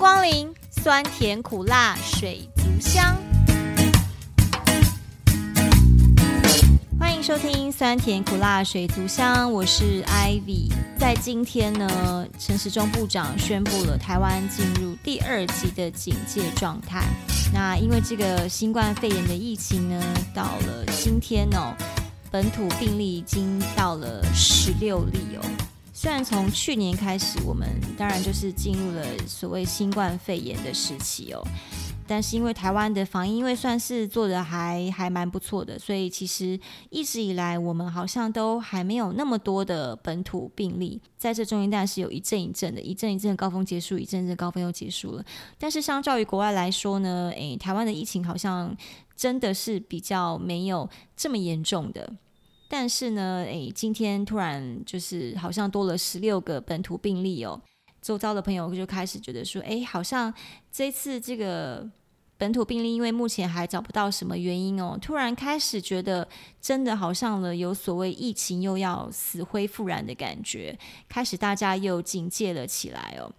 光臨酸甜苦辣水族箱，歡迎收聽酸甜苦辣水族箱，我是 Ivy。在今天呢，陳時中部長宣布了台灣進入第二級的警戒狀態。那因為這個新冠肺炎的疫情呢，到了今天哦，本土病例已經到了十六例哦。雖然從去年開始，我們當然就是進入了所謂新冠肺炎的時期哦，但是因為台灣的防疫，因為算是做的還還蠻不錯的，所以其實一直以來我們好像都還沒有那麼多的本土病例。在這中間，但是有一陣一陣的，一陣一陣的高峰結束，一陣一陣高峰又結束了。但是相較於國外來說呢，誒，台灣的疫情好像真的是比較沒有這麼嚴重的。但是呢，哎，今天突然就是好像多了十六個本土病例哦，週遭的朋友就開始覺得說，哎，好像這次這個本土病例，因為目前還找不到什麼原因哦，突然開始覺得真的好像了有所謂疫情又要死灰復燃的感覺，開始大家又警戒了起來哦。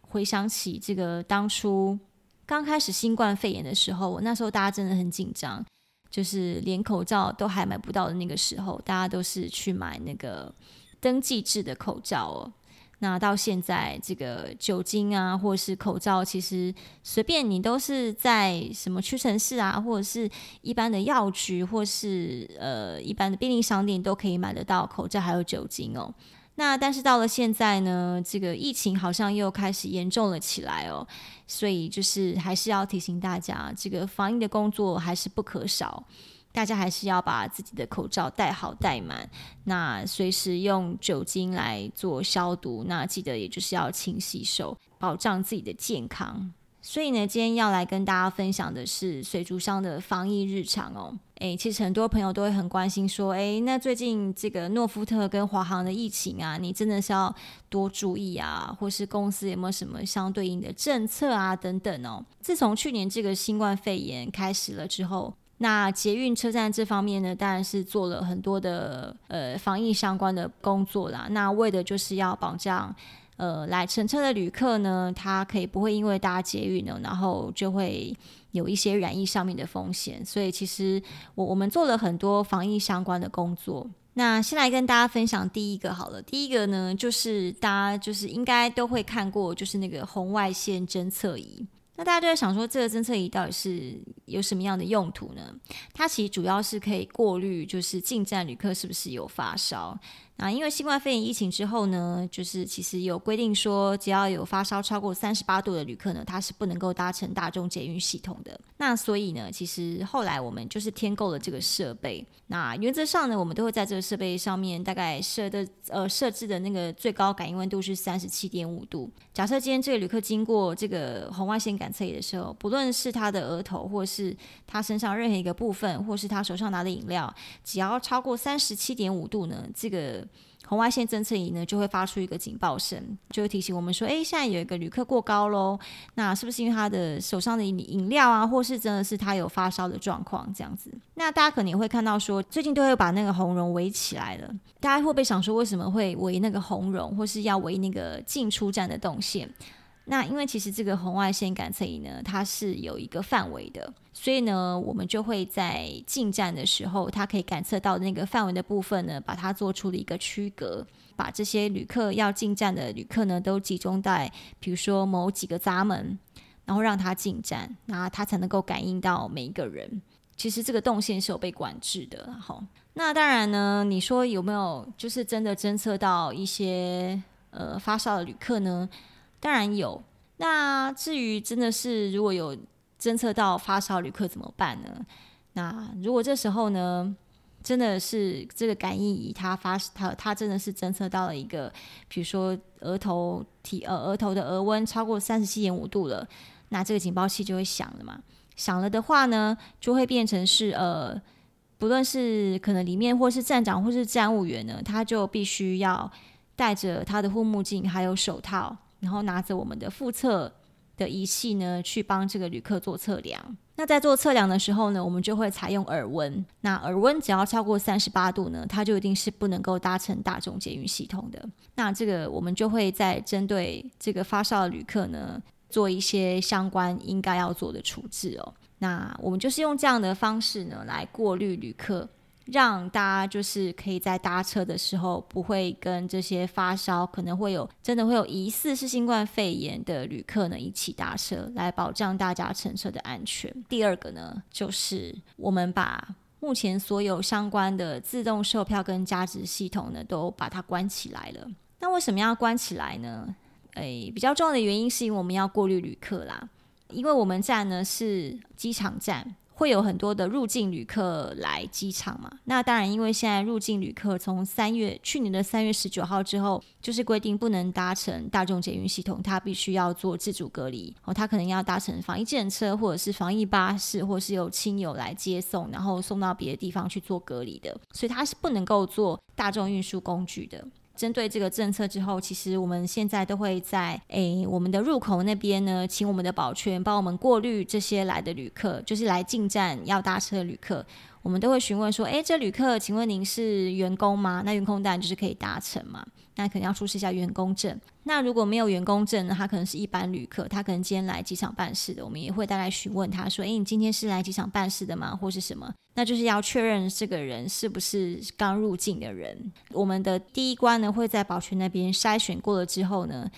回想起這個當初剛開始新冠肺炎的時候，那時候大家真的很緊張。就是連口罩都還買不到的那個時候，大家都是去買那個登記制的口罩哦。那到現在，這個酒精啊，或是口罩，其實隨便你都是在什麼屈臣氏啊，或者是一般的藥局，或是呃一般的便利商店都可以買得到口罩，還有酒精哦。那但是到了現在呢，這個疫情好像又開始嚴重了起來哦，所以就是還是要提醒大家，這個防疫的工作還是不可少，大家還是要把自己的口罩戴好戴滿，那隨時用酒精來做消毒，那記得也就是要勤洗手，保障自己的健康。所以呢，今天要來跟大家分享的是水族箱的防疫日常哦。誒，其實很多朋友都會很關心說，哎，那最近這個諾富特跟華航的疫情啊，你真的是要多注意啊，或是公司有沒有什麼相對應的政策啊等等哦。自從去年這個新冠肺炎開始了之後，那捷運車站這方面呢，當然是做了很多的呃防疫相關的工作啦，那為的就是要保障。呃，來乘車的旅客呢，他可以不會因為大家捷運呢，然後就會有一些染疫上面的風險。所以其實我我們做了很多防疫相關的工作。那先來跟大家分享第一個好了，第一個呢就是大家就是應該都會看過，就是那個紅外線偵測儀。那大家就在想說，這個偵測儀到底是？有什麼樣的用途呢？它其實主要是可以過濾，就是進站旅客是不是有發燒。那因為新冠肺炎疫情之後呢，就是其實有規定說，只要有發燒超過三十八度的旅客呢，他是不能夠搭乘大眾捷運系統的。那所以呢，其實後來我們就是添購了這個設備。那原則上呢，我們都會在這個設備上面大概設的呃設置的那個最高感應溫度是三十七點五度。假設今天這個旅客經過這個紅外線感測儀的時候，不論是他的額頭或是是他身上任何一個部分，或是他手上拿的飲料，只要超過三十七點五度呢，這個紅外線偵測儀呢就會發出一個警報聲，就會提醒我們說，誒，現在有一個旅客過高嘍。那是不是因為他的手上的飲，飲料啊，或是真的是他有發燒的狀況這樣子？那大家可能會看到說，最近都會把那個紅龍圍起來了，大家會不會想說，為什麼會圍那個紅龍？或是要圍那個進出站的動線？那因為其實這個紅外線感測儀呢，它是有一個範圍的，所以呢，我們就會在進站的時候，它可以感測到那個範圍的部分呢，把它做出了一個區隔，把這些旅客要進站的旅客呢，都集中在比如說某幾個閘門，然後讓他進站，那他才能夠感應到每一個人。其實這個動線是有被管制的，好，那當然呢，你說有沒有就是真的偵測到一些呃發燒的旅客呢？當然有。那至於真的是如果有偵測到發燒旅客怎麼辦呢？那如果這時候呢，真的是這個感應儀它發它它真的是偵測到了一個，比如說額頭體、呃、額頭的額溫超過三十七點五度了，那這個警報器就會響了嘛。響了的話呢，就會變成是呃不論是可能裡面或是站長或是站務員呢，他就必須要戴着他的護目鏡還有手套。然後拿着我們的複測的儀器呢，去幫這個旅客做測量。那在做測量的時候呢，我們就會採用耳溫。那耳溫只要超過三十八度呢，它就一定是不能夠搭乘大眾捷運系統的。那這個我們就會在針對這個發燒的旅客呢，做一些相關應該要做的處置哦。那我們就是用這樣的方式呢，來過濾旅客。讓大家就是可以在搭車的時候，不會跟這些發燒，可能會有真的會有疑似是新冠肺炎的旅客呢一起搭車，來保障大家乘車的安全。第二個呢，就是我們把目前所有相關的自動售票跟加值系統呢都把它關起來了。那為什麼要關起來呢？誒，比較重要的原因是因為我們要過濾旅客啦，因為我們站呢是機場站。會有很多的入境旅客來機場嘛？那當然，因為現在入境旅客從三月，去年的三月十九號之後，就是規定不能搭乘大眾捷運系統，他必須要做自主隔離哦，他可能要搭乘防疫專車或者是防疫巴士，或是由親友來接送，然後送到別的地方去做隔離的，所以他是不能夠坐大眾運輸工具的。針對這個政策之後，其實我們現在都會在誒我們的入口那邊呢，請我們的保全幫我們過濾這些來的旅客，就是來進站要搭車的旅客。我們都會詢問說：“哎，這旅客，請問您是員工嗎？那員工當然就是可以搭乘嘛。那可能要出示一下員工證。那如果沒有員工證呢，他可能是一般旅客，他可能今天來機場辦事的，我們也會帶來詢問他說：‘哎，你今天是來機場辦事的嗎？’或是什麼？那就是要確認這個人是不是剛入境的人。我們的第一關呢，會在保全那邊篩選過了之後呢。”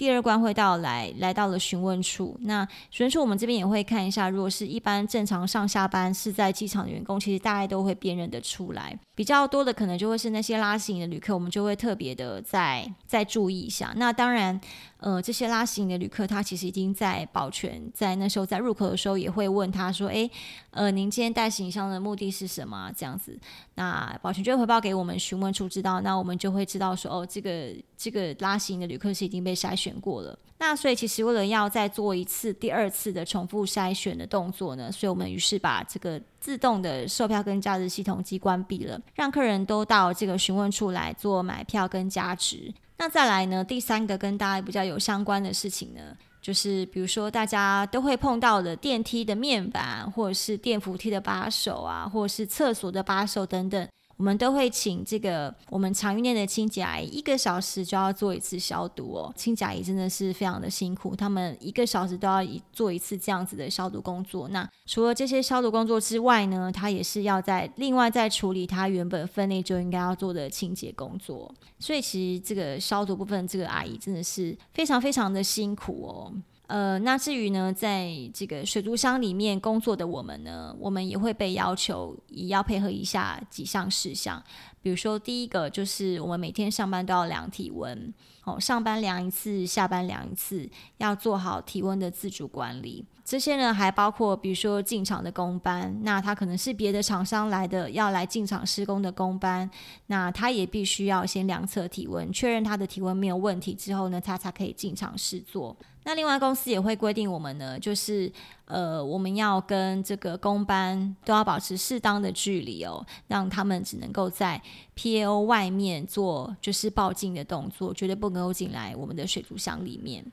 第二關會到來，來到了詢問處。那詢問處我們這邊也會看一下，如果是一般正常上下班是在機場的員工，其實大概都會辨認得出來。比較多的可能就會是那些拉行李的旅客，我們就會特別的再再注意一下。那當然，呃，這些拉行的旅客，他其實已經在保全，在那時候在入口的時候也會問他說：“哎、欸，呃，您今天帶行李箱的目的是什麼？”這樣子，那保全就會回報給我們詢問處知道，那我們就會知道說：“哦，這個這個拉行的旅客是已經被篩選過了。”那所以其實為了要再做一次第二次的重複篩選的動作呢，所以我們於是把這個自動的售票跟加值系統機關閉了，讓客人都到這個詢問處來做買票跟加值。那再來呢，第三個跟大家比較有相關的事情呢，就是比如說大家都會碰到的電梯的面板，或者是電扶梯的把手啊，或者是廁所的把手等等。我們都會請這個我們常遇見的清潔阿姨，一個小時就要做一次消毒哦。清潔阿姨真的是非常的辛苦，他們一個小時都要做一次這樣子的消毒工作。那除了這些消毒工作之外呢，他也是要在另外再處理他原本分類就應該要做的清潔工作。所以其實這個消毒部分，這個阿姨真的是非常非常的辛苦哦。呃，那至於呢，在這個水族箱裡面工作的我們呢，我們也會被要求也要配合以下幾項事項，比如說第一個就是我們每天上班都要量體溫，哦，上班量一次，下班量一次，要做好體溫的自主管理。這些呢還包括，比如說進場的工班，那他可能是別的廠商來的，要來進場施工的工班，那他也必須要先量測體溫，確認他的體溫沒有問題之後呢，他才可以進場施作。那另外公司也會規定我們呢，就是呃，我們要跟這個工班都要保持適當的距離哦，讓他們只能夠在 PAO 外面做就是報警的動作，絕對不能夠進來我們的水族箱裡面。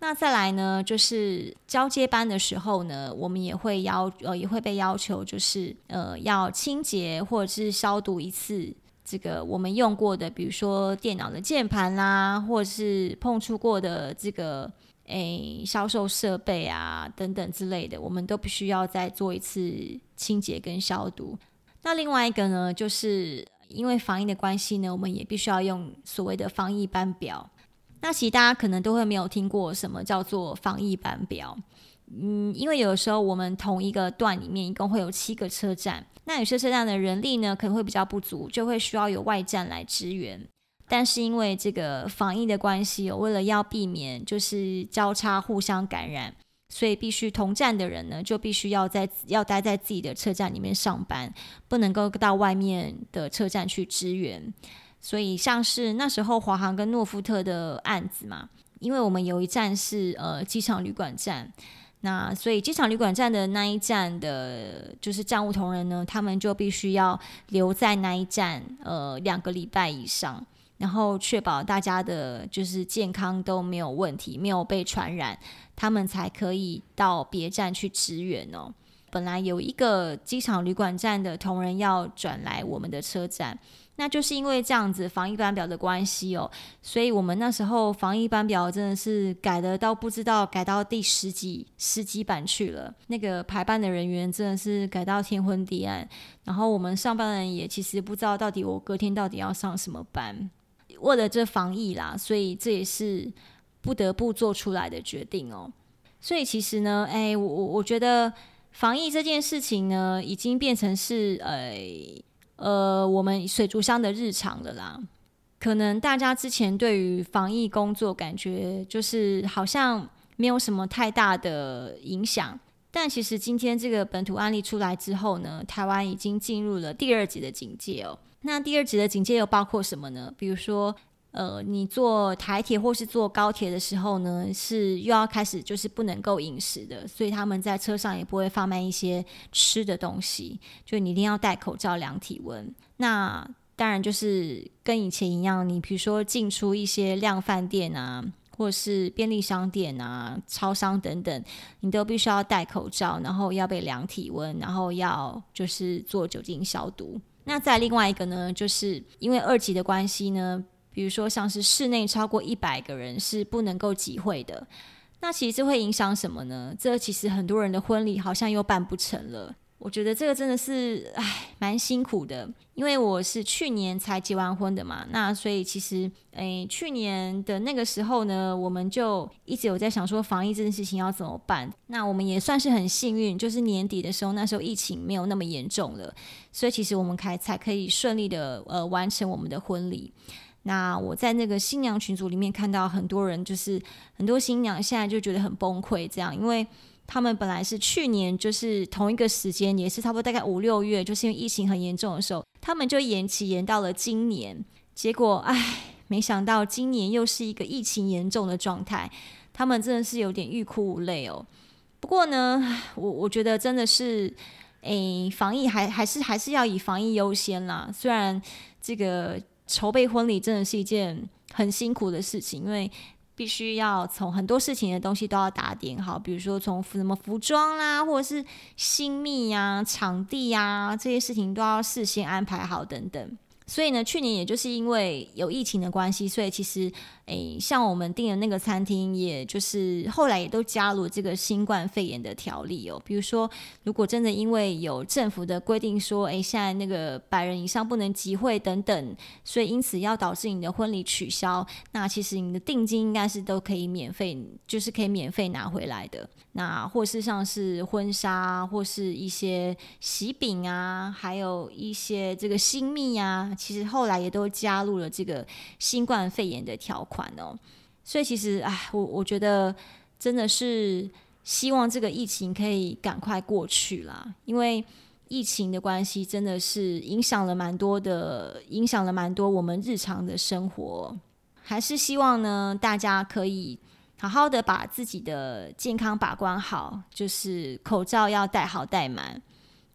那再來呢，就是交接班的時候呢，我們也會要呃，也會被要求就是呃，要清潔或者是消毒一次這個我們用過的，比如說電腦的鍵盤啦，或者是碰觸過的這個。誒，銷售設備啊等等之類的，我們都必須要再做一次清潔跟消毒。那另外一個呢，就是因為防疫的關係呢，我們也必須要用所謂的防疫班表。那其實大家可能都會沒有聽過什麼叫做防疫班表。嗯，因為有的時候我們同一個段裡面一共會有七個車站，那有些車站的人力呢可能會比較不足，就會需要有外站來支援。但是因為這個防疫的關係，我為了要避免就是交叉互相感染，所以必須同站的人呢，就必須要在要待在自己的車站裡面上班，不能夠到外面的車站去支援。所以像是那時候華航跟諾富特的案子嘛，因為我們有一站是呃機場旅館站，那所以機場旅館站的那一站的，就是站務同仁呢，他們就必須要留在那一站呃兩個禮拜以上。然後確保大家的就是健康都沒有問題，沒有被傳染，他們才可以到別站去支援哦。本來有一個機場旅館站的同仁要轉來我們的車站，那就是因為這樣子防疫班表的關係哦，所以我們那時候防疫班表真的是改得到不知道改到第十幾十幾版去了，那個排班的人員真的是改到天昏地暗，然後我們上班的人也其實不知道到底我隔天到底要上什麼班。為了這防疫啦，所以這也是不得不做出來的決定哦。所以其實呢，誒，我我我覺得防疫這件事情呢，已經變成是誒，呃，呃，我們水族箱的日常了啦。可能大家之前對於防疫工作感覺就是好像沒有什麼太大的影響。但其實今天這個本土案例出來之後呢，台灣已經進入了第二級的警戒哦。那第二級的警戒又包括什麼呢？比如說，呃，你坐台鐵或是坐高鐵的時候呢，是又要開始就是不能夠飲食的，所以他們在車上也不會販賣一些吃的東西，就你一定要戴口罩、量體溫。那當然就是跟以前一樣，你比如說進出一些量販店啊。或是便利商店啊、超商等等，你都必須要戴口罩，然後要被量體溫，然後要就是做酒精消毒。那再另外一個呢，就是因為二級的關係呢，比如說像是室內超過一百個人是不能夠集會的，那其實這會影響什麼呢？這其實很多人的婚禮好像又辦不成了。我覺得這個真的是哎，蠻辛苦的，因為我是去年才結完婚的嘛，那所以其實誒，去年的那個時候呢，我們就一直有在想說，防疫這件事情要怎麼辦。那我們也算是很幸運，就是年底的時候，那時候疫情沒有那麼嚴重了，所以其實我們才才可以順利的呃完成我們的婚禮。那我在那個新娘群組裡面看到很多人，就是很多新娘現在就覺得很崩潰，這樣，因為。他們本來是去年，就是同一個時間，也是差不多大概五六月，就是因為疫情很嚴重的時候，他們就延期，延到了今年。結果，唉，沒想到今年又是一個疫情嚴重的狀態，他們真的是有點欲哭無淚哦。不過呢，我我覺得真的是，哎、欸，防疫還還是還是要以防疫優先啦。雖然這個籌備婚禮真的是一件很辛苦的事情，因為。必須要從很多事情的東西都要打點好，比如說從什麼服裝啦、啊，或者是新秘呀、啊、場地呀、啊、這些事情都要事先安排好等等。所以呢，去年也就是因為有疫情的關係，所以其實誒，像我們訂的那個餐廳，也就是後來也都加入這個新冠肺炎的條例哦。比如說，如果真的因為有政府的規定說，哎，現在那個百人以上不能集會等等，所以因此要導致你的婚禮取消，那其實你的定金應該是都可以免費，就是可以免費拿回來的。那或是像是婚紗或是一些喜餅啊，還有一些這個新秘呀、啊。其實後來也都加入了這個新冠肺炎的條款哦，所以其實哎，我我覺得真的是希望這個疫情可以趕快過去啦，因為疫情的關係真的是影響了蠻多的，影響了蠻多我們日常的生活。還是希望呢，大家可以好好的把自己的健康把關好，就是口罩要戴好戴滿。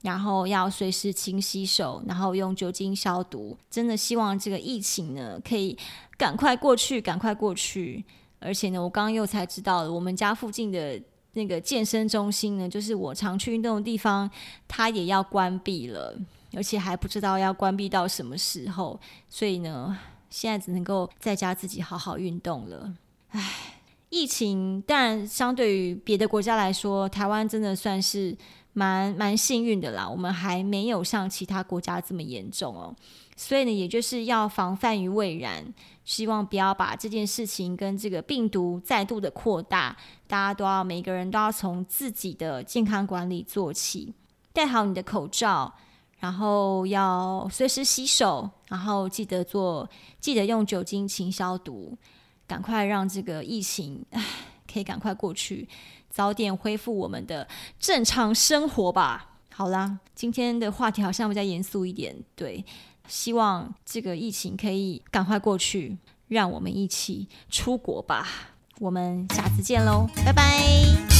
然後要隨時勤洗手，然後用酒精消毒。真的希望這個疫情呢，可以趕快過去，趕快過去。而且呢，我剛剛又才知道了，我們家附近的那個健身中心呢，就是我常去運動的地方，它也要關閉了，而且還不知道要關閉到什麼時候。所以呢，現在只能夠在家自己好好運動了。唉。疫情，但相對於別的國家來說，台灣真的算是蠻蠻幸運的啦。我們還沒有像其他國家這麼嚴重哦，所以呢，也就是要防範於未然，希望不要把這件事情跟這個病毒再度的擴大。大家都要每個人都要從自己的健康管理做起，戴好你的口罩，然後要隨時洗手，然後記得做，記得用酒精勤消毒。趕快讓這個疫情，唉可以趕快過去，早點恢復我們的正常生活吧。好啦，今天的話題好像比較嚴肅一點，對，希望這個疫情可以趕快過去，讓我們一起出國吧。我們下次見嘍，拜拜。